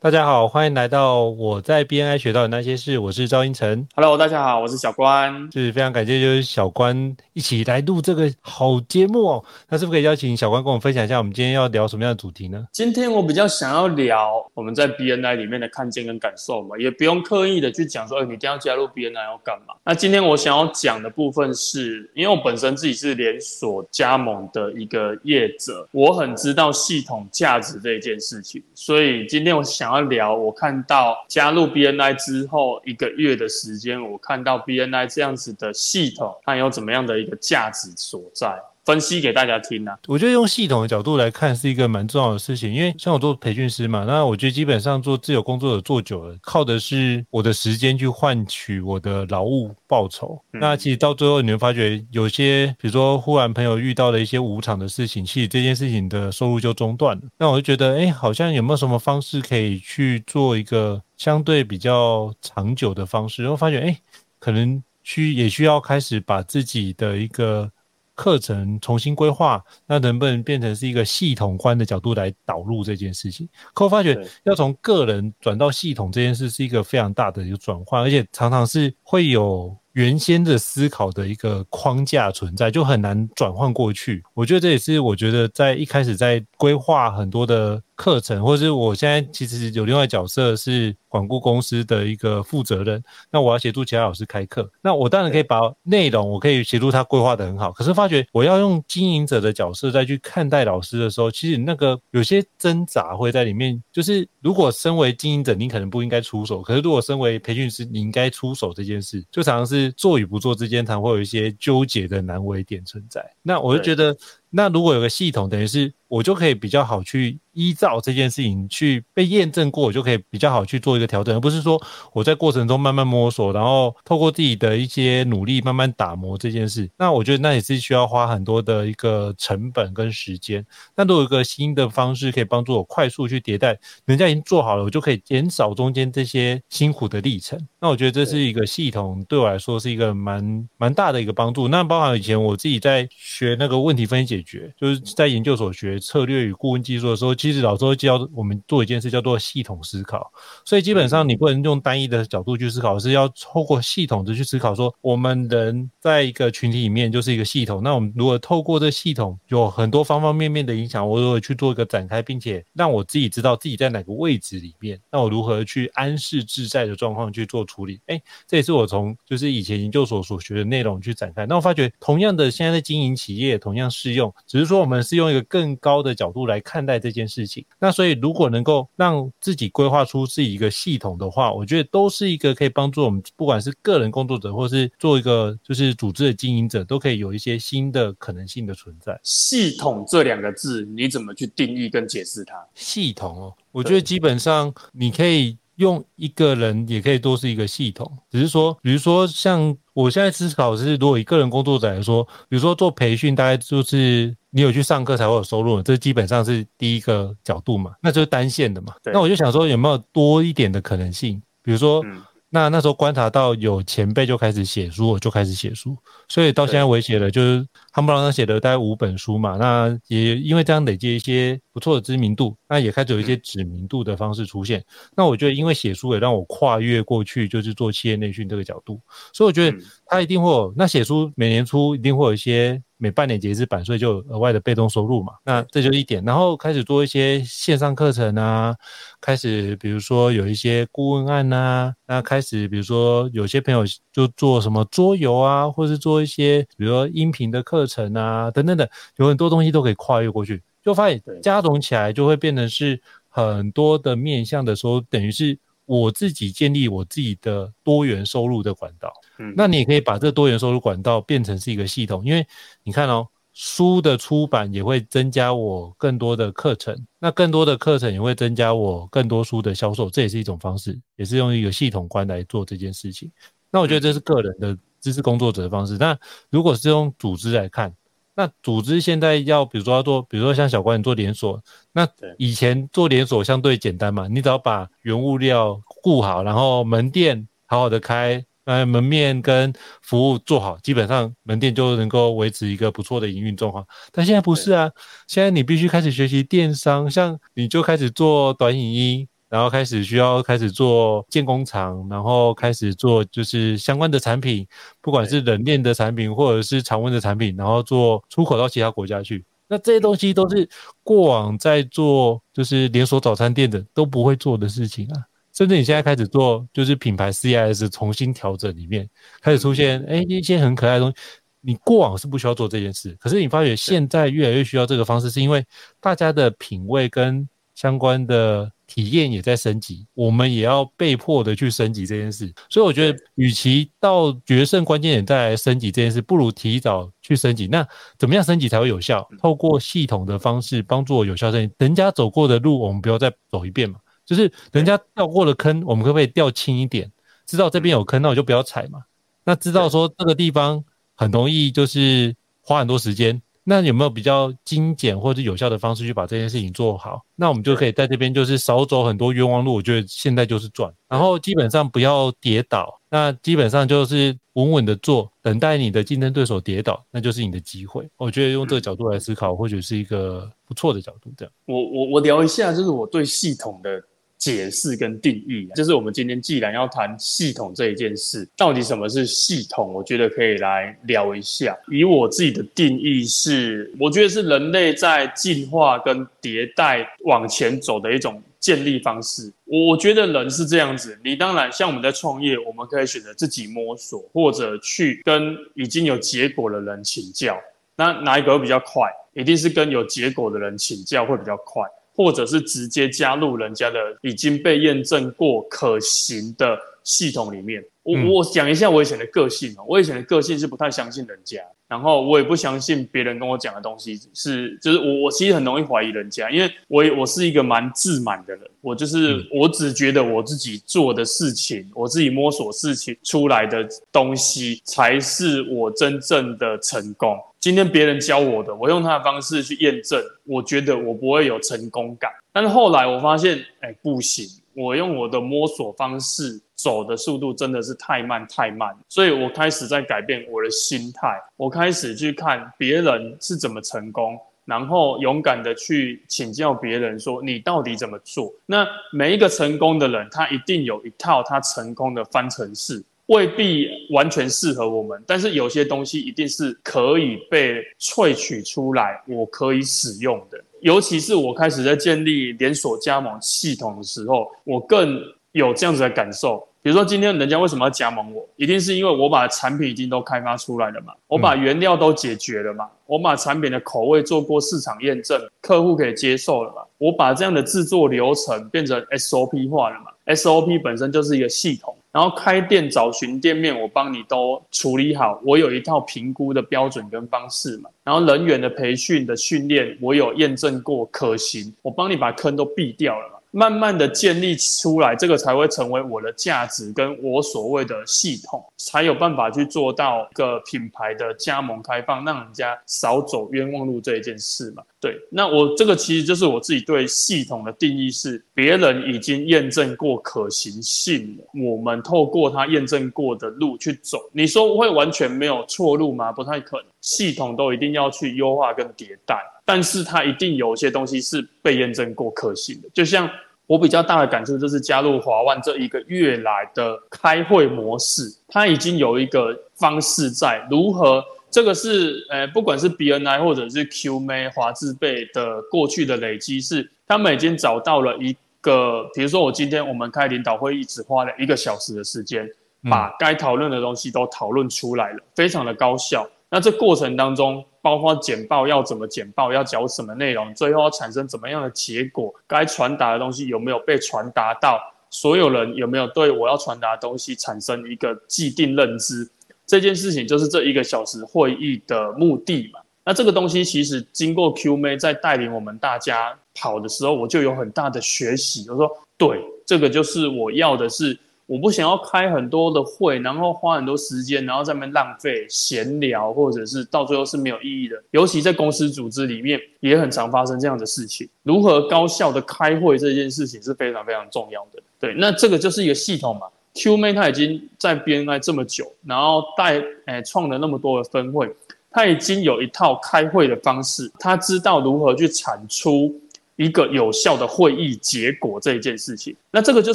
大家好，歡迎來到我在 BNI 學到的那些事，我是趙胤丞。Hello，大家好，我是小關，就是非常感謝，就是小關一起來錄這個好節目哦。那是不是可以邀請小關跟我們分享一下，我們今天要聊什麼樣的主題呢？今天我比較想要聊我們在 BNI 裡面的看見跟感受嘛，也不用刻意的去講說，哎、欸，你一定要加入 BNI 要幹嘛？那今天我想要講的部分是，因為我本身自己是連鎖加盟的一個業者，我很知道系統價值這件事情，所以今天我想。然後聊，我看到加入 BNI 之後一個月的時間，我看到 BNI 這樣子的系統，它有怎麼樣的一個價值所在？分析給大家聽啊！我覺得用系統的角度來看，是一個蠻重要的事情。因為像我做培訓師嘛，那我覺得基本上做自由工作者做久了，靠的是我的時間去換取我的勞務報酬。嗯、那其實到最後，你會發覺有些，比如說忽然朋友遇到了一些無常的事情，其實這件事情的收入就中斷了。那我就覺得，哎，好像有沒有什麼方式可以去做一個相對比較長久的方式？然後發覺，哎，可能需也需要開始把自己的一個。課程重新規劃，那能不能變成是一個系統觀的角度來導入這件事情？可我發覺要從個人轉到系統這件事是一個非常大的一個轉換，而且常常是會有原先的思考的一個框架存在，就很難轉換過去。我覺得這也是我覺得在一開始在。規劃很多的課程，或者是我現在其實有另外角色是管顧公司的一個負責人，那我要協助其他老師開課，那我當然可以把內容，我可以協助他規劃得很好。可是發覺我要用經營者的角色再去看待老師的時候，其實那個有些掙扎會在裡面。就是如果身為經營者，你可能不應該出手，可是如果身為培訓師，你應該出手這件事，就常常是做與不做之間，常會有一些糾結的難為點存在。那我就覺得。那如果有個系統，等於是我就可以比較好去，依照這件事情去被驗證過，我就可以比較好去做一個調整，而不是說我在過程中慢慢摸索，然後透過自己的一些努力慢慢打磨這件事。那我覺得那也是需要花很多的一個成本跟時間。那如果有一個新的方式可以幫助我快速去迭代，人家已經做好了，我就可以減少中間這些辛苦的歷程。那我覺得這是一個系統對我來說是一個蠻蠻大的一個幫助。那包含以前我自己在學那個問題分析解決，就是在研究所學策略與顧問技術的時候。其實老周教我們做一件事，叫做系統思考。所以基本上你不能用單一的角度去思考，是要透過系統的去思考。說我們人在一個群體裡面就是一個系統。那我們如何透過這系統，有很多方方面面的影響。我如何去做一個展開，並且讓我自己知道自己在哪個位置裡面，那我如何去安適自在的狀況去做處理？哎，這也是我從就是以前研究所所學的內容去展開。那我發覺同樣的，現在的經營企業同樣適用，只是說我們是用一個更高的角度來看待這件事。事情，那所以如果能夠讓自己規劃出自己一個系統的話，我覺得都是一個可以幫助我們，不管是個人工作者，或是做一個就是組織的經營者，都可以有一些新的可能性的存在。系統這兩個字，你怎麼去定義跟解釋它？系統哦，我覺得基本上你可以用一個人，也可以都是一個系統，只是說，比如說像我現在思考的是，如果以個人工作者來說，比如說做培訓，大概就是。你有去上課才會有收入的。這基本上是第一個角度嘛，那就是單線的嘛。那我就想說，有沒有多一點的可能性？比如說，嗯、那那時候觀察到有前輩就開始寫書，我就開始寫書，所以到現在為止寫了就是夯不啷噹寫了大概五本書嘛。那也因為這樣累積一些不錯的知名度，那也開始有一些知名度的方式出現。嗯、那我覺得，因為寫書也讓我跨越過去就是做企業內訓這個角度，所以我覺得他一定會有。嗯、那寫書每年初一定會有一些。每半年結一次版稅，就有額外的被動收入嘛。那這就一點，然後開始做一些線上課程啊，開始比如說有一些顧問案啊，那開始比如說有些朋友就做什麼桌遊啊，或是做一些比如說音頻的課程啊，等等等，有很多東西都可以跨越過去，就發現加總起來就會變成是很多的面向的時候，等於是。我自己建立我自己的多元收入的管道，嗯，那你也可以把這多元收入管道變成是一個系統，因為你看哦，書的出版也會增加我更多的課程，那更多的課程也會增加我更多書的銷售，這也是一種方式，也是用一個系統觀來做這件事情。那我覺得這是個人的知識工作者的方式，那如果是用組織來看。那組織現在要，比如說要做，比如說像小關你做連鎖，那以前做連鎖相對簡單嘛，你只要把原物料顧好，然後門店好好的開，呃，門面跟服務做好，基本上門店就能夠維持一個不錯的營運狀況。但現在不是啊，現在你必須開始學習電商，像你就開始做短影音。然後開始需要開始做建工廠，然後開始做就是相關的產品，不管是冷鏈的產品或者是常溫的產品，然後做出口到其他國家去。那這些東西都是過往在做就是連鎖早餐店的都不會做的事情啊。甚至你現在開始做就是品牌 CIS 重新調整裡面開始出現，誒、欸、這些很可愛的東西，你過往是不需要做這件事，可是你發覺現在越來越需要這個方式，是因為大家的品味跟。相關的體驗也在升級，我們也要被迫的去升級這件事。所以我覺得，與其到決勝關鍵點再來升級這件事，不如提早去升級。那怎麼樣升級才會有效？透過系統的方式幫助我有效升級。人家走過的路，我們不要再走一遍嘛。就是人家掉過的坑，我們可不可以掉輕一點？知道這邊有坑，那我就不要踩嘛。那知道說這個地方很容易，就是花很多時間。那有沒有比較精簡或者有效的方式去把這件事情做好？那我們就可以在這邊就是少走很多冤枉路。我覺得現在就是賺，然後基本上不要跌倒，那基本上就是穩穩的做，等待你的競爭對手跌倒，那就是你的機會。我覺得用這個角度來思考，或許是一個不錯的角度。這樣，我我我聊一下，就是我對系統的解釋跟定義，就是我們今天既然要談系統這一件事，到底什麼是系統？我覺得可以來聊一下。以我自己的定義是，我覺得是人類在進化跟迭代往前走的一種建立方式。我覺得人是這樣子，你當然像我們在創業，我們可以選擇自己摸索，或者去跟已經有結果的人請教。那哪一個會比較快？一定是跟有結果的人請教會比較快。或者是直接加入人家的已經被驗證過可行的系統裡面。嗯。我我講一下我以前的個性哦，我以前的個性是不太相信人家，然後我也不相信別人跟我講的東西是，就是我我其實很容易懷疑人家，因為我也我是一個蠻自滿的人，我就是我只覺得我自己做的事情，我自己摸索事情出來的東西才是我真正的成功。今天別人教我的，我用他的方式去驗證，我覺得我不會有成功感。但是後來我發現，哎、欸，不行，我用我的摸索方式走的速度真的是太慢太慢，所以我開始在改變我的心態，我開始去看別人是怎麼成功，然後勇敢的去請教別人說你到底怎麼做。那每一個成功的人，他一定有一套他成功的方程式。未必完全適合我們，但是有些東西一定是可以被萃取出來，我可以使用的。尤其是我開始在建立連鎖加盟系統的時候，我更有這樣子的感受。比如說，今天人家為什麼要加盟我？一定是因為我把產品已經都開發出來了嘛，我把原料都解決了嘛，我把產品的口味做過市場驗證，客戶可以接受了嘛，我把這樣的制作流程變成 SOP 化了嘛，SOP 本身就是一個系統。然後開店找尋店面，我幫你都處理好。我有一套評估的標準跟方式嘛。然後人員的培訓的訓練，我有驗證過可行，我幫你把坑都避掉了嘛。慢慢的建立出來，這個才會成為我的價值，跟我所謂的系統，才有辦法去做到一個品牌的加盟開放，讓人家少走冤枉路這一件事嘛。對，那我這個其實就是我自己對系統的定義是，別人已經驗證過可行性，我們透過他驗證過的路去走，你說會完全沒有錯路嗎？不太可能。系統都一定要去優化跟迭代，但是它一定有一些東西是被驗證過可行的。就像我比較大的感觸就是加入華萬這一個月來的開會模式，它已經有一個方式在如何，這個是呃，不管是 BNI 或者是 QMA 華智貝的過去的累積，是他們已經找到了一個，比如說我今天我們開領導會議，只花了一個小時的時間，把該討論的東西都討論出來了，非常的高效。那這過程當中，包括簡報要怎麼簡報，要講什麼內容，最後要產生怎麼樣的結果，該傳達的東西有沒有被傳達到，所有人有沒有對我要傳達的東西產生一個既定認知，這件事情就是這一個小時會議的目的嘛。那這個東西其實經過 QMA 在帶領我們大家跑的時候，我就有很大的學習，我說，對，這個就是我要的是。我不想要開很多的會，然後花很多時間，然後在那邊浪費閒聊，或者是到最後是沒有意義的。尤其在公司組織裡面，也很常發生這樣的事情。如何高效的開會這件事情是非常非常重要的。對，那這個就是一個系統嘛。Q 妹她已經在 B N I 這麼久，然後帶誒創了那麼多的分會，他已經有一套開會的方式，他知道如何去產出。一個有效的會議結果這一件事情，那這個就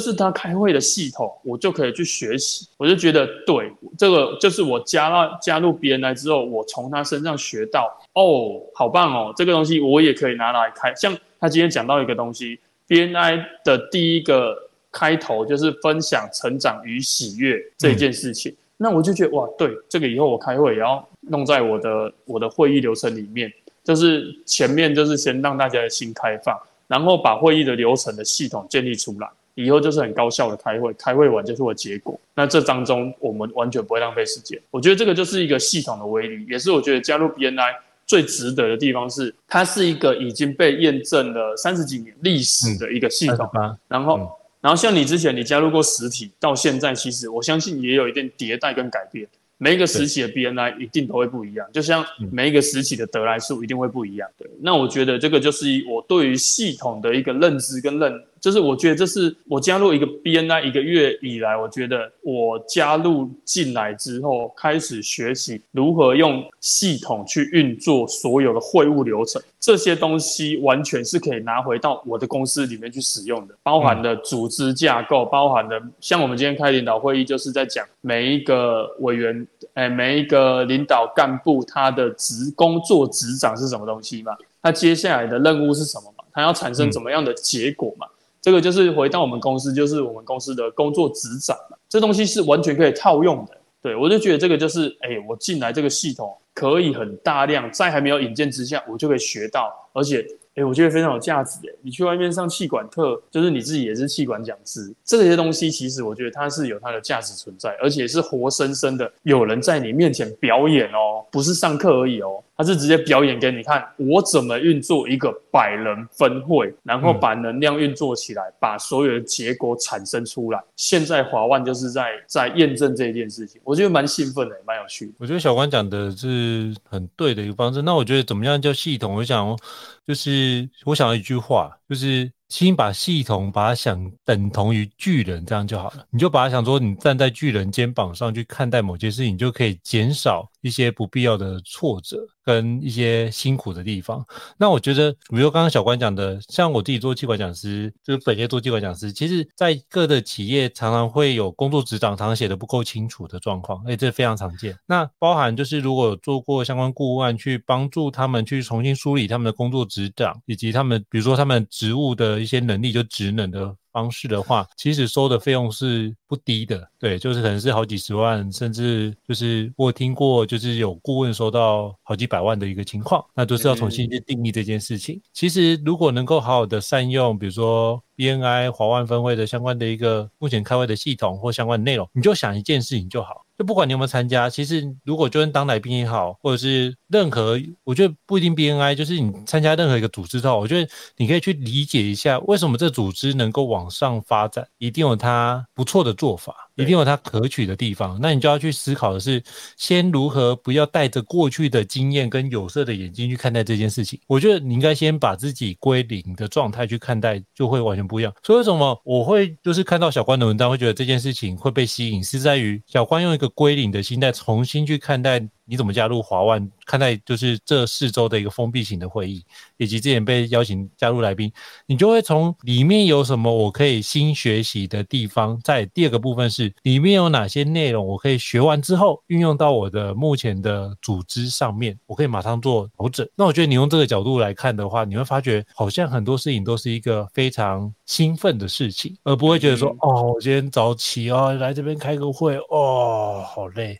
是他開會的系統，我就可以去學習。我就覺得，對，這個就是我加了加入 BNI 之後，我從他身上學到，哦，好棒哦，這個東西我也可以拿來開。像他今天講到一個東西，BNI 的第一個開頭就是分享成長與喜悅這件事情，嗯、那我就覺得哇，對，這個以後我開會也要弄在我的我的會議流程裡面。就是前面就是先讓大家的心開放，然後把會議的流程的系統建立出來，以後就是很高效的開會，開會完就是我的結果。那這當中我們完全不會浪費時間，我覺得這個就是一個系統的威力，也是我覺得加入 BNI 最值得的地方是，它是一個已經被驗證了三十幾年歷史的一個系統。然後，然後像你之前你加入過實體，到現在其實我相信也有一定迭代跟改變。每一個時期的 BNI 一定都會不一樣，就像每一個時期的得來素一定會不一樣。對、嗯，那我覺得這個就是以我對於系統的一個認知跟認。就是我覺得，這是我加入一個 BNI 一個月以來，我覺得我加入進來之後，開始學習如何用系統去運作所有的會務流程，這些東西完全是可以拿回到我的公司裡面去使用的，包含了組織架構，嗯、包含了像我們今天開領導會議，就是在講每一個委員、哎，每一個領導幹部他的職工作職掌是什麼東西嘛，他接下來的任務是什麼嘛，他要產生怎麼樣的結果嘛。嗯這個就是回到我們公司，就是我們公司的工作職掌了。這東西是完全可以套用的。對，我就覺得這個就是，誒，我進來這個系統可以很大量，在還沒有引薦之下，我就可以學到，而且，誒，我覺得非常有價值。誒，你去外面上企管課，就是你自己也是企管講師，這些東西其實我覺得它是有它的價值存在，而且是活生生的，有人在你面前表演哦，不是上課而已哦。他是直接表演給你看，我怎麼運作一個百人分會，然後把能量運作起來，嗯，把所有的結果產生出來。現在華萬就是在在驗證這件事情，我覺得蠻興奮的，蠻有趣的。我覺得小關講的是很對的一個方式。那我覺得怎麼樣叫系統？我想，就是我想要一句話，就是。先把系統把它想等同於巨人，這樣就好了。你就把它想說，你站在巨人肩膀上去看待某些事情，你就可以減少一些不必要的挫折跟一些辛苦的地方。那我覺得，比如剛剛小關講的，像我自己做企管講師，就是本業做企管講師，其實在各的企業常常會有工作職掌常常寫的不夠清楚的狀況，哎，這非常常見。那包含就是如果有做過相關顧問，去幫助他們去重新梳理他們的工作職掌，以及他們比如說他們職務的。一些能力就職能的方式的話，其實收的費用是不低的，對，就是可能是好幾十萬，甚至就是我聽過就是有顧問收到好幾百萬的一個情況，那都是要重新去定義這件事情。嗯。其實如果能夠好好的善用，比如說 BNI 華萬分會的相關的一個目前開會的系統或相關的內容，你就想一件事情就好。就不管你有沒有參加，其實如果就算當來賓也好，或者是任何，我覺得不一定 BNI，就是你參加任何一個組織之後，我覺得你可以去理解一下，為什麼這組織能夠往上發展，一定有它不錯的做法。一定有它可取的地方，那你就要去思考的是，先如何不要帶着過去的經驗跟有色的眼鏡去看待這件事情。我覺得你應該先把自己歸零的狀態去看待，就會完全不一樣。所以，為什麼我會就是看到小關的文章，會覺得這件事情會被吸引，是在於小關用一個歸零的心態重新去看待。你怎麼加入華萬？看待就是這四周的一個封閉型的會議，以及之前被邀請加入來賓，你就會從裡面有什麼我可以新學習的地方。在第二個部分是裡面有哪些內容我可以學完之後運用到我的目前的組織上面，我可以馬上做調整。那我覺得你用這個角度來看的話，你會發覺好像很多事情都是一個非常興奮的事情，而不會覺得說哦，我今天早起哦，來這邊開個會哦，好累，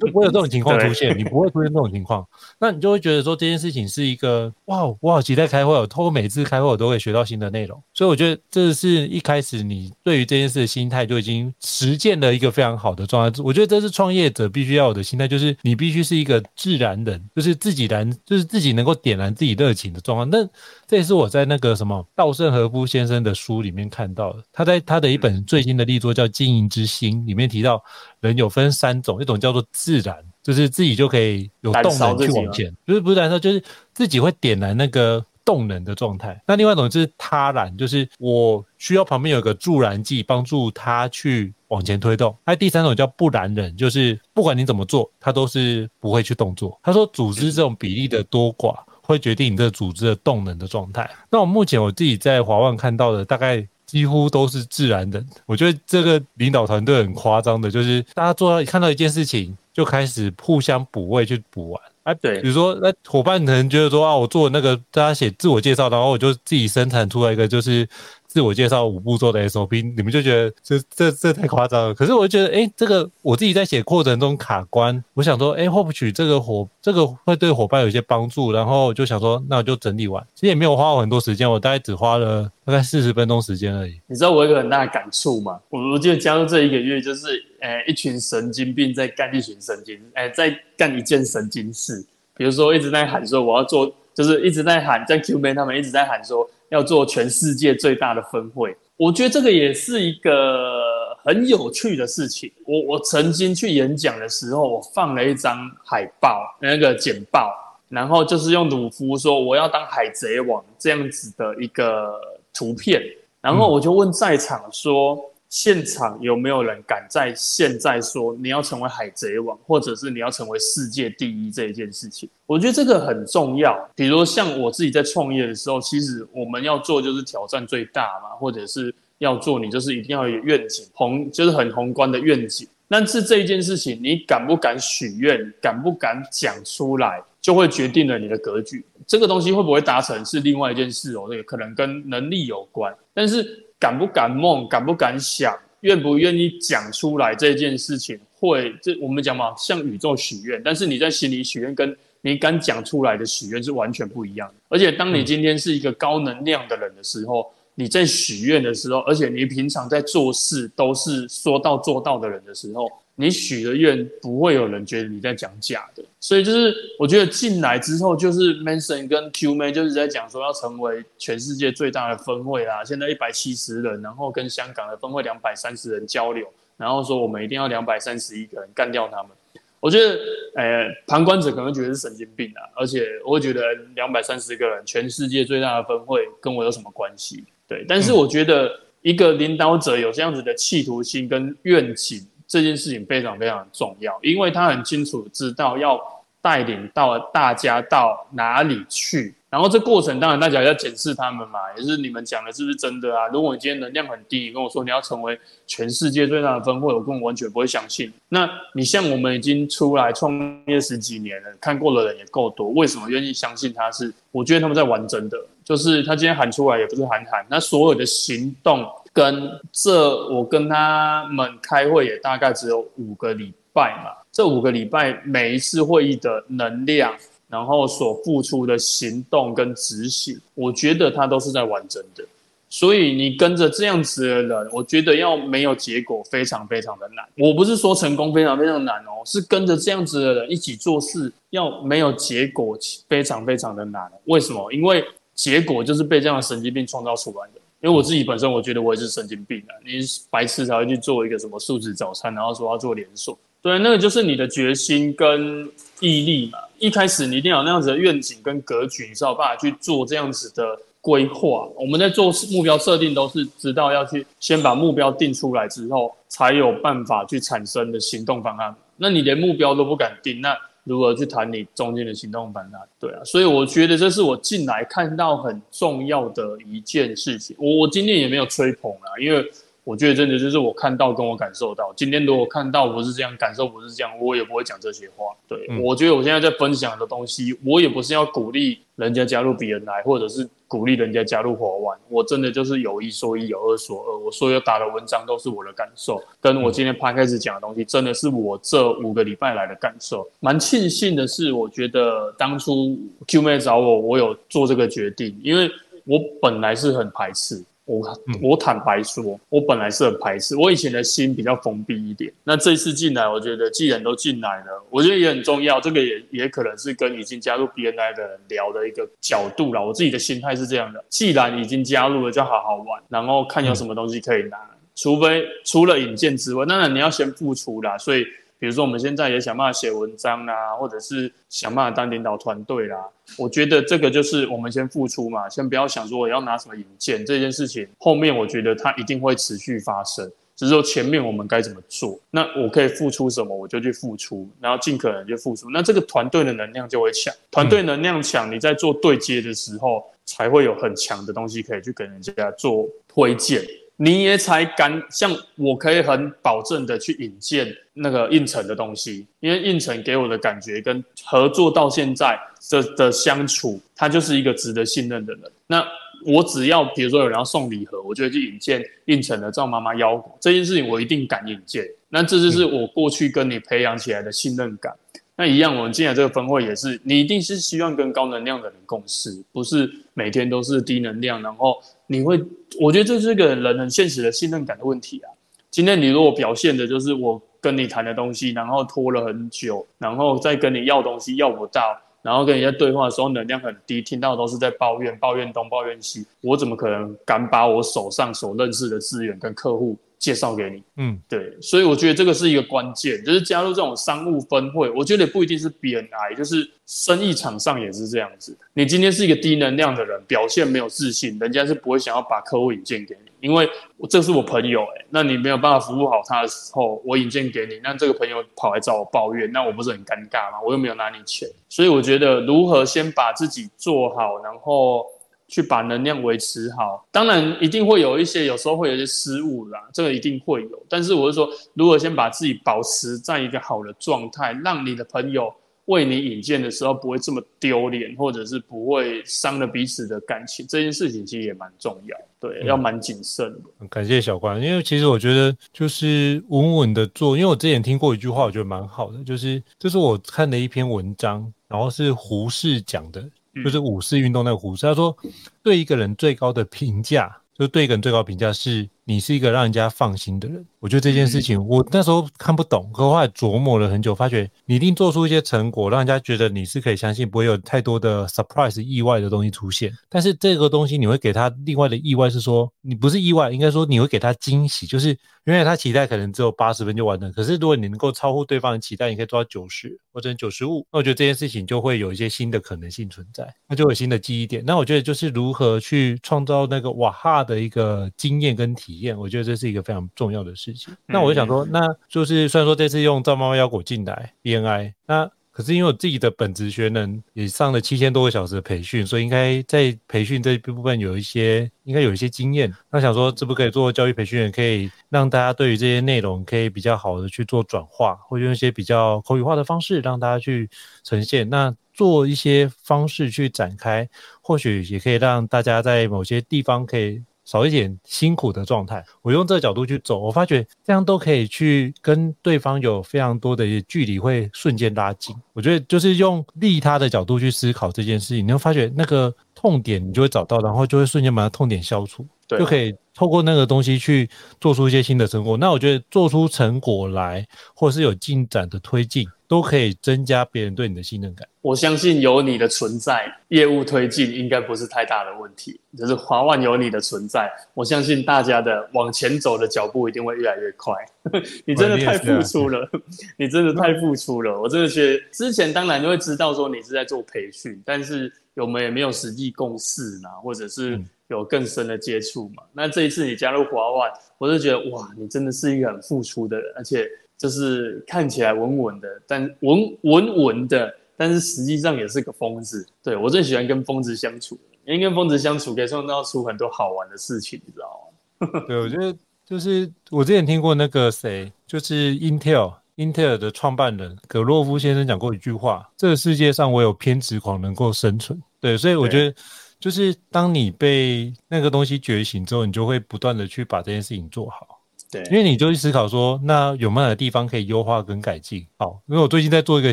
就不會有這種情況出現。 而且你不會出現這種情況，那你就會覺得說，這件事情是一個，哇，我好期待開會。通過每次開會，我都會學到新的內容。所以我覺得，這是一開始你對於這件事的心態就已經實踐了一個非常好的狀態。我覺得這是創業者必須要有的心態，就是你必須是一個自然人，就是自己燃，就是自己能夠點燃自己熱情的狀況。那這也是我在那個什麼稻盛和夫先生的書裡面看到的，他在他的一本最新的力作叫《經營之心》裡面提到，人有分三種，一種叫做自然，就是自己就可以有動能去往前，不、就是不是燃燒，就是自己會點燃那個動能的狀態。那另外一種就是他燃，就是我需要旁邊有個助燃劑幫助他去往前推動。那第三種叫不燃人，就是不管你怎麼做，他都是不會去動作。他說，組織這種比例的多寡會決定你這個組織的動能的狀態。那我目前我自己在華萬看到的，大概幾乎都是自燃人。我覺得這個領導團隊很誇張的，就是大家做到看到一件事情。就開始互相補位去補完，哎，對，比如說那夥伴可能覺得說啊，我做那個大家寫自我介紹，然後我就自己生產出來一個就是。自我介紹五步做的 SOP，你們就覺得這這這太誇張了。可是我就覺得，哎，這個我自己在寫過程中卡關，我想說，哎，或許這個夥這個會對夥伴有一些幫助。然後就想說，那我就整理完，其實也沒有花我很多時間，我大概只花了大概四十分鐘時間而已。你知道我有一個很大的感觸嗎？我就記得加入這一個月，就是哎、呃，一群神經病在幹一群神經，哎、呃，在幹一件神經事。比如說一直在喊說我要做，就是一直在喊，像 Q 妹他們一直在喊說。要做全世界最大的分會，我覺得這個也是一個很有趣的事情。我我曾經去演講的時候，我放了一張海報，那個簡報，然後就是用魯夫說我要當海賊王這樣子的一個圖片，然後我就問在場說，嗯現場有沒有人敢在現在說你要成為海賊王，或者是你要成為世界第一這一件事情？我覺得這個很重要。比如像我自己在創業的時候，其實我們要做就是挑戰最大嘛，或者是要做你就是一定要有願景，宏就是很宏觀的願景。但是這一件事情，你敢不敢許願，敢不敢講出來，就會決定了你的格局。這個東西會不會達成是另外一件事哦，這個可能跟能力有關，但是。敢不敢夢？敢不敢想？願不願意講出來這件事情？會，這我們講嘛，向宇宙許願。但是你在心裡許願，跟你敢講出來的許願是完全不一樣的。而且，當你今天是一個高能量的人的時候，嗯。你在許願的時候，而且你平常在做事都是說到做到的人的時候，你許的願不會有人覺得你在講假的。所以就是我覺得進來之後，就是 Manson 跟 QMA 就是在講說要成為全世界最大的分會啦。現在一百七十人，然後跟香港的分會兩百三十人交流，然後說我們一定要兩百三十一個人幹掉他們。我覺得，呃、欸，旁觀者可能覺得是神經病啦，而且我會覺得兩百三十個人全世界最大的分會跟我有什麼關係？對，但是我覺得一個領導者有這樣子的企圖心跟願景，這件事情非常非常重要，因為他很清楚知道要帶領到大家到哪裡去。然後這過程當然大家要檢視他們嘛，也是你們講的是不是真的啊？如果你今天能量很低，你跟我說你要成為全世界最大的分會，我根本完全不會相信。那你像我們已經出來創業十幾年了，看過的人也夠多，為什麼願意相信他是？我覺得他們在玩真的。就是他今天喊出來，也不是喊喊。那所有的行動跟這，我跟他們開會也大概只有五個禮拜嘛。這五個禮拜，每一次會議的能量，然後所付出的行動跟執行，我覺得他都是在玩真的。所以你跟着這樣子的人，我覺得要沒有結果，非常非常的難。我不是說成功非常非常難哦，是跟着這樣子的人一起做事，要沒有結果，非常非常的難。為什麼？因為。結果就是被這樣的神經病創造出來的。因為我自己本身，我覺得我也是神經病啊。你白痴才會去做一個什麼素食早餐，然後說要做連鎖。對，那個就是你的決心跟毅力嘛。一開始你一定要有那樣子的願景跟格局，你才有辦法去做這樣子的規劃。我們在做目標設定，都是知道要去先把目標定出來之後，才有辦法去產生的行動方案。那你連目標都不敢定，那如何去談你中間的行動反彈？對啊，所以我覺得這是我近來看到很重要的一件事情。我我今天也沒有吹捧啊，因為我覺得真的就是我看到跟我感受到。今天如果看到不是這樣，感受不是這樣，我也不會講這些話。對、嗯，我覺得我現在在分享的東西，我也不是要鼓勵。人家加入 BNI 來，或者是鼓勵人家加入火玩，我真的就是有一說一，有二說二。我所有打的文章都是我的感受，跟我今天拍開始講的東西，真的是我這五個禮拜來的感受。蠻、嗯、慶幸的是，我覺得當初 Q 妹找我，我有做這個決定，因為我本來是很排斥。我我坦白說，我本來是很排斥，我以前的心比較封閉一點。那這次進來，我覺得既然都進來了，我覺得也很重要。這個也也可能是跟已經加入 BNI 的人聊的一個角度了。我自己的心態是這樣的：既然已經加入了，就好好玩，然後看有什麼東西可以拿。嗯、除非除了引薦之外，當然你要先付出啦。所以。比如說，我們現在也想辦法寫文章啦、啊，或者是想辦法當領導團隊啦、啊。我覺得這個就是我們先付出嘛，先不要想說我要拿什麼引薦這件事情。後面我覺得它一定會持續發生，只是說前面我們該怎麼做。那我可以付出什麼，我就去付出，然後盡可能去付出。那這個團隊的能量就會強，團隊能量強，你在做對接的時候，才會有很強的東西可以去給人家做推薦。你也才敢像我可以很保證的去引薦那個胤丞的東西，因為胤丞給我的感覺跟合作到現在的的相處，他就是一個值得信任的人。那我只要比如說有人要送禮盒，我就會去引薦胤丞的趙媽媽腰果這件事情，我一定敢引薦。那這就是我過去跟你培養起來的信任感、嗯。嗯那一樣，我們進來這個分會也是，你一定是希望跟高能量的人共事，不是每天都是低能量。然後你會，我覺得這是一個人很現實的信任感的問題啊。今天你如果表現的就是我跟你談的東西，然後拖了很久，然後再跟你要東西，要不到，然後跟人家對話的時候能量很低，聽到都是在抱怨，抱怨東，抱怨西，我怎麼可能敢把我手上所認識的資源跟客戶介紹給你，嗯，對，所以我覺得這個是一個關鍵，就是加入這種商務分會，我覺得也不一定是 BNI，就是生意場上也是這樣子。你今天是一個低能量的人，表現沒有自信，人家是不會想要把客戶引薦給你，因為這是我朋友，欸，那你沒有辦法服務好他的時候，我引薦給你，那這個朋友跑來找我抱怨，那我不是很尷尬嗎？我又沒有拿你錢，所以我覺得如何先把自己做好，然後。去把能量維持好，當然一定會有一些，有時候會有一些失誤啦，這個一定會有。但是我是說，如果先把自己保持在一個好的狀態，讓你的朋友為你引薦的時候不會這麼丟臉，或者是不會傷了彼此的感情，這件事情其實也蠻重要。對，要蠻謹慎的。嗯，感謝小關，因為其實我覺得就是穩穩的做。因為我之前聽過一句話，我覺得蠻好的，就是這、就是我看的一篇文章，然後是胡適講的。就是五四運動那個胡適，他說，對一個人最高的評價，就是對一個人最高評價是。你是一個讓人家放心的人，我覺得這件事情我那時候看不懂，可後來琢磨了很久，發覺你一定做出一些成果，讓人家覺得你是可以相信，不會有太多的 surprise 意外的東西出現。但是這個東西你會給他另外的意外，是說你不是意外，應該說你會給他驚喜，就是因為他期待可能只有八十分就完了，可是如果你能夠超乎對方的期待，你可以做到九十或者九十五，那我覺得這件事情就會有一些新的可能性存在，那就有新的記憶點。那我覺得就是如何去創造那個哇哈的一個經驗跟體驗。體驗，我覺得這是一個非常重要的事情。嗯、那我就想說，那就是雖然說這次用趙媽媽腰果進來 BNI，那可是因為我自己的本職學能也上了七千多個小時的培訓，所以應該在培訓這部分有一些，應該有一些經驗。那想說，這不可以做教育培訓，也可以讓大家對於這些內容可以比較好的去做轉化，或者用一些比較口語化的方式讓大家去呈現。那做一些方式去展開，或許也可以讓大家在某些地方可以。少一點辛苦的狀態，我用這個角度去走，我發覺這樣都可以去跟對方有非常多的一些距離，會瞬間拉近。我覺得就是用利他的角度去思考這件事情，你會發覺那個痛點你就會找到，然後就會瞬間把它痛點消除。對啊，就可以透過那個東西去做出一些新的成果。那我覺得做出成果來，或是有進展的推進。都可以增加別人對你的信任感。我相信有你的存在，業務推進應該不是太大的問題。就是華萬有你的存在，我相信大家的往前走的腳步一定會越來越快。 你真的太付出了，你，啊、 你真的太付出了。嗯、我真的覺得之前當然就會知道說你是在做培訓，但是我們也沒有實際共事吶、啊，或者是有更深的接觸嘛、嗯。那這一次你加入華萬，我就覺得哇，你真的是一個很付出的人，而且。就是看起來穩穩的，但穩穩穩的，但是實際上也是個瘋子。對，我最喜歡跟瘋子相處，因為跟瘋子相處可以創造出很多好玩的事情，你知道嗎？對，我覺得就是我之前聽過那個誰，就是 Intel，Intel 的創辦人葛洛夫先生講過一句話：這個世界上唯有偏執狂能夠生存。對，所以我覺得就是當你被那個東西覺醒之後，你就會不斷的去把這件事情做好。對，因為你就去思考說，那有沒有地方可以優化跟改進？好、哦，因為我最近在做一個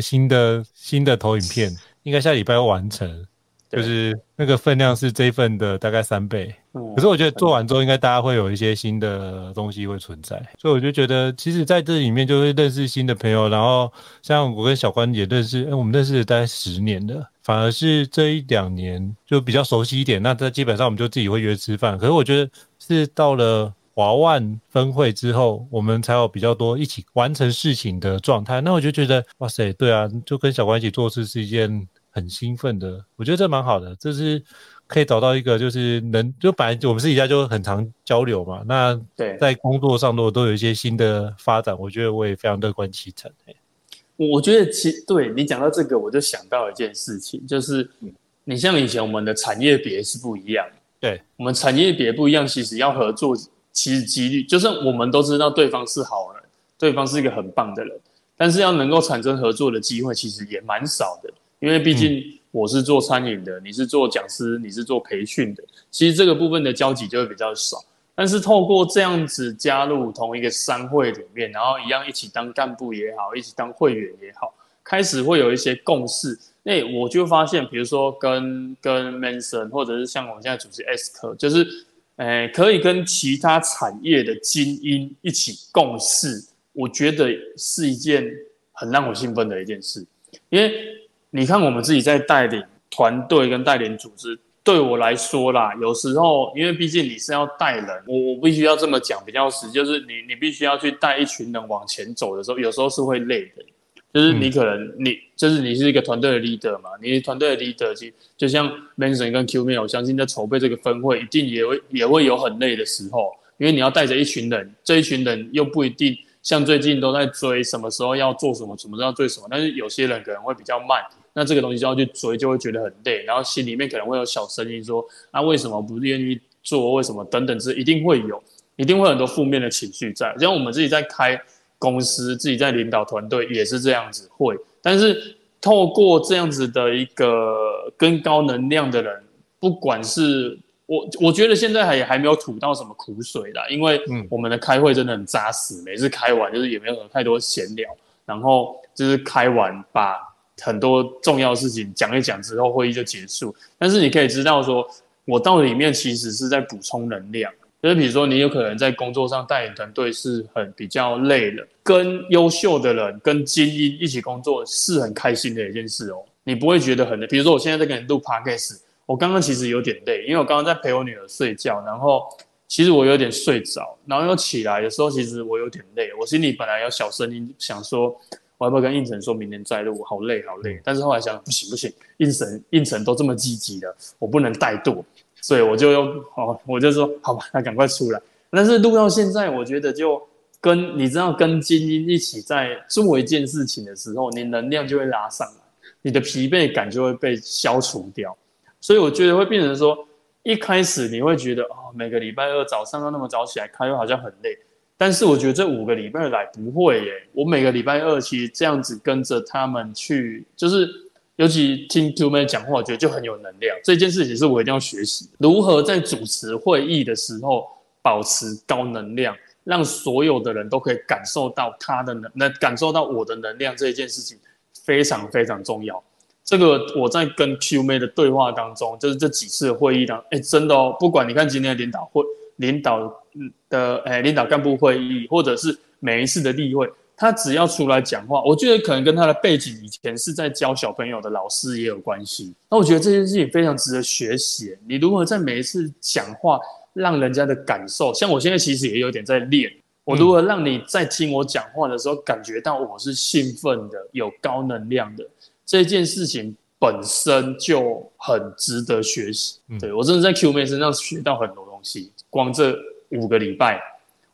新的新的投影片，應該下禮拜會完成，就是那個分量是這一份的大概三倍。嗯、可是我覺得做完之後，應該大家會有一些新的東西會存在，嗯、所以我就覺得，其實在這裡面就是認識新的朋友。然後像我跟小關也認識，誒我們認識了大概十年了，反而是這一兩年就比較熟悉一點。那這基本上我們就自己會約吃飯。可是我覺得是到了。華萬分會之後，我們才有比較多一起完成事情的狀態。那我就覺得，哇塞，對啊，就跟小關一起做事是一件很興奮的。我覺得這蠻好的，就是可以找到一個就是能就本來我們私底下就很常交流嘛。那對在工作上如果都有一些新的發展，我覺得我也非常樂觀其成。我覺得其對你講到這個，我就想到一件事情，就是你像以前我們的產業別是不一樣的，對我們產業別不一樣，其實要合作，其實幾率就算我們都知道對方是好人，對方是一個很棒的人，但是要能夠產生合作的機會，其實也蠻少的。因為畢竟我是做餐飲的、嗯，你是做講師，你是做培訓的，其實這個部分的交集就會比較少。但是透過這樣子加入同一個商會裡面，然後一樣一起當幹部也好，一起當會員也好，開始會有一些共識。那、欸、我就發現，比如說跟跟 Manson，或者是像我現在主持 S 課，就是。哎、欸，可以跟其他產業的精英一起共事，我覺得是一件很讓我興奮的一件事。因為你看，我們自己在帶領團隊跟帶領組織，對我來說啦，有時候因為畢竟你是要帶人，我我必須要這麼講比較實，就是你你必須要去帶一群人往前走的時候，有時候是會累的。就是你可能你、嗯、就是你是一個團隊的 leader 嘛，你團隊的 leader 其實就像 Manson 跟 Qmail，我相信在籌備這個分會，一定也會也會有很累的時候，因為你要帶着一群人，這一群人又不一定像最近都在追什麼時候要做什麼，什麼時候要追什麼，但是有些人可能會比較慢，那這個東西就要去追，就會覺得很累，然後心裡面可能會有小聲音說，啊，為什麼不願意做，為什麼等等，這是一定會有，一定會有很多負面的情緒在，像我們自己在開。公司自己在領導團隊也是這樣子會，但是透過這樣子的一個跟高能量的人，不管是我，我覺得現在還還沒有吐到什麼苦水啦，因為我們的開會真的很扎實，嗯、每次開完就是也沒有，有太多閒聊，然後就是開完把很多重要的事情講一講之後，會議就結束。但是你可以知道說，我到裡面其實是在補充能量。就是比如說，你有可能在工作上帶領團隊是很比較累的，跟優秀的人、跟精英一起工作是很開心的一件事哦。你不會覺得很累。比如說，我現在在跟你錄 podcast，我剛剛其實有點累，因為我剛剛在陪我女兒睡覺，然後其實我有點睡着，然後又起來的時候，其實我有點累。我心裡本來有小聲音想說，我要不要跟胤丞說明天再錄？我好累，好累。但是後來想，不行不行，胤丞胤丞都這麼積極了，我不能怠惰。所以我就用好、哦，我就說好吧，那趕快出來。但是錄到現在，我覺得就跟你知道，跟精英一起在做一件事情的時候，你能量就會拉上來，你的疲憊感就會被消除掉。所以我覺得會變成說，一開始你會覺得哦，每個禮拜二早上要那麼早起來開會好像很累。但是我覺得這五個禮拜來不會耶，我每個禮拜二其實這樣子跟着他們去，就是。尤其聽 Q 妹講話，我覺得就很有能量。這件事情是我一定要學習，如何在主持會議的時候保持高能量，讓所有的人都可以感受到他的能，那感受到我的能量。這一件事情非常非常重要。這個我在跟 Q 妹的對話當中，就是這幾次會議當中，哎，真的哦，不管你看今天的領導會、領導的誒、哎、領導幹部會議，或者是每一次的例會。他只要出來講話，我覺得可能跟他的背景以前是在教小朋友的老師也有關係。那我覺得這件事情非常值得學習。你如何在每一次講話，讓人家的感受，像我現在其實也有點在練。我如何讓你在聽我講話的時候、嗯、感覺到我是興奮的、有高能量的，這件事情本身就很值得學習、嗯。對，我真的在 Q 妹身上學到很多東西，光這五個禮拜，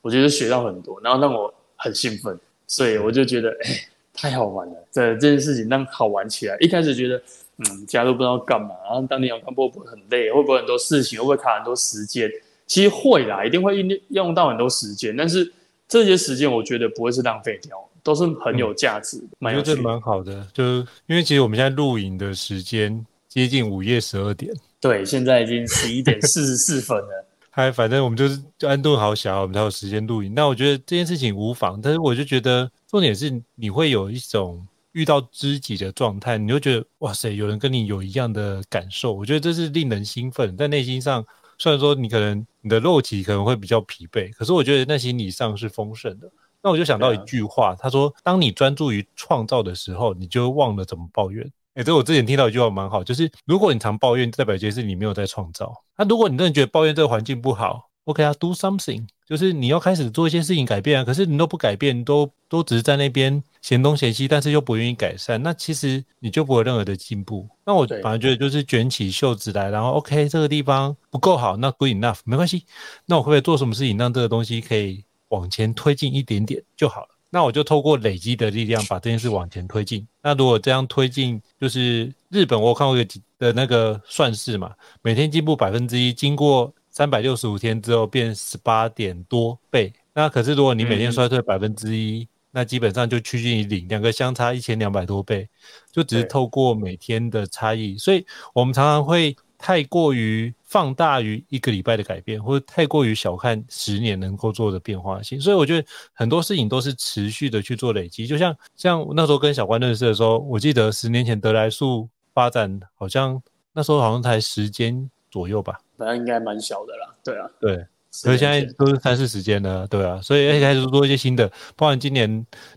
我覺得學到很多，然後讓我很興奮。所以我就覺得，哎、欸，太好玩了。這這件事情讓好玩起來，一開始覺得，嗯，家都不知道幹嘛。然後當你要看波很累，會不會很多事情，會不會卡很多時間？其實會啦，一定會用用到很多時間。但是這些時間，我覺得不會是浪費掉，都是很有價值的。嗯，蠻有趣的，就是、蠻好的，就是、因為其實我們現在錄影的時間接近午夜十二點，對，現在已經十一點四十四分了。 哎，反正我們就是就安頓好小，我們才有時間錄影。那我覺得這件事情無妨，但是我就覺得重點是你會有一種遇到知己的狀態，你就覺得哇塞，有人跟你有一樣的感受。我覺得這是令人興奮，在內心上，雖然說你可能你的肉體可能會比較疲憊，可是我覺得那心理上是豐盛的。那我就想到一句話，他、對啊、說：當你專注於創造的時候，你就忘了怎麼抱怨。哎、欸，這我之前聽到一句話蠻好，就是如果你常抱怨，代表一件事你沒有在創造。那、啊、如果你真的覺得抱怨這個環境不好，OK 啊，Do something，就是你要開始做一些事情改變啊。可是你都不改變，你都都只是在那邊嫌東嫌西，但是又不願意改善，那其實你就不會有任何的進步。那我反而覺得就是捲起袖子來，然後 OK 這個地方不夠好，那 Good enough 沒關係。那我會不會做什麼事情讓這個東西可以往前推進一點點就好了？那我就透過累積的力量把這件事往前推進。 那如果這樣推進，就是日本，我看過一個的那個算式嘛，每天進步百分之一，經過三百六十五天之後變十八點多倍。那可是如果你每天衰退百分之一，那基本上就趨近於零，兩個相差一千兩百多倍，就只是透過每天的差異、嗯。所以我們常常會太過於。放大於一個禮拜的改變，或者太過於小看十年能夠做的變化性，所以我覺得很多事情都是持續的去做累積。就像像我那時候跟小關認識的時候，我記得十年前得來素發展好像那時候好像才十間左右吧，那應該蠻小的啦。對啊，對。所以現在都是三四十件了，對啊，所以而且開始做一些新的。包含今年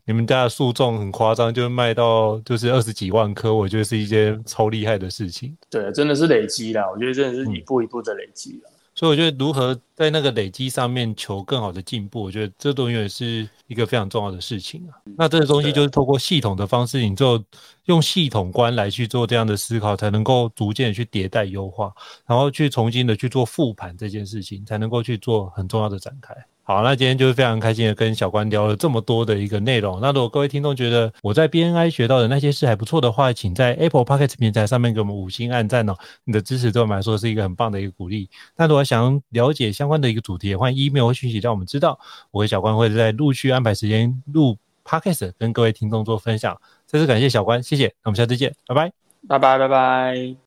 你們家的樹種很誇張，就賣到就是二十幾萬棵，我覺得是一件超厲害的事情。啊啊、對、啊，真的是累積啦，我覺得真的是一步一步的累積所以我覺得，如何在那個累積上面求更好的進步，我覺得這東西也是一個非常重要的事情啊。那這些東西就是透過系統的方式，你做用系統觀來去做這樣的思考，才能夠逐漸的去迭代優化，然後去重新的去做復盤這件事情，才能夠去做很重要的展開。好啊，那今天就是非常開心的跟小關聊了這麼多的一個內容。那如果各位聽眾覺得我在 BNI 學到的那些事還不錯的話，請在 Apple Podcast 平台上面給我們五星按讚哦。你的支持對我們來說是一個很棒的一個鼓勵。那如果想了解相關的一個主題，歡迎 email 或訊息讓我們知道，我和小關會在陸續安排時間錄 Podcast 跟各位聽眾做分享。再次感謝小關，謝謝，那我們下次見，拜拜，拜拜，拜拜。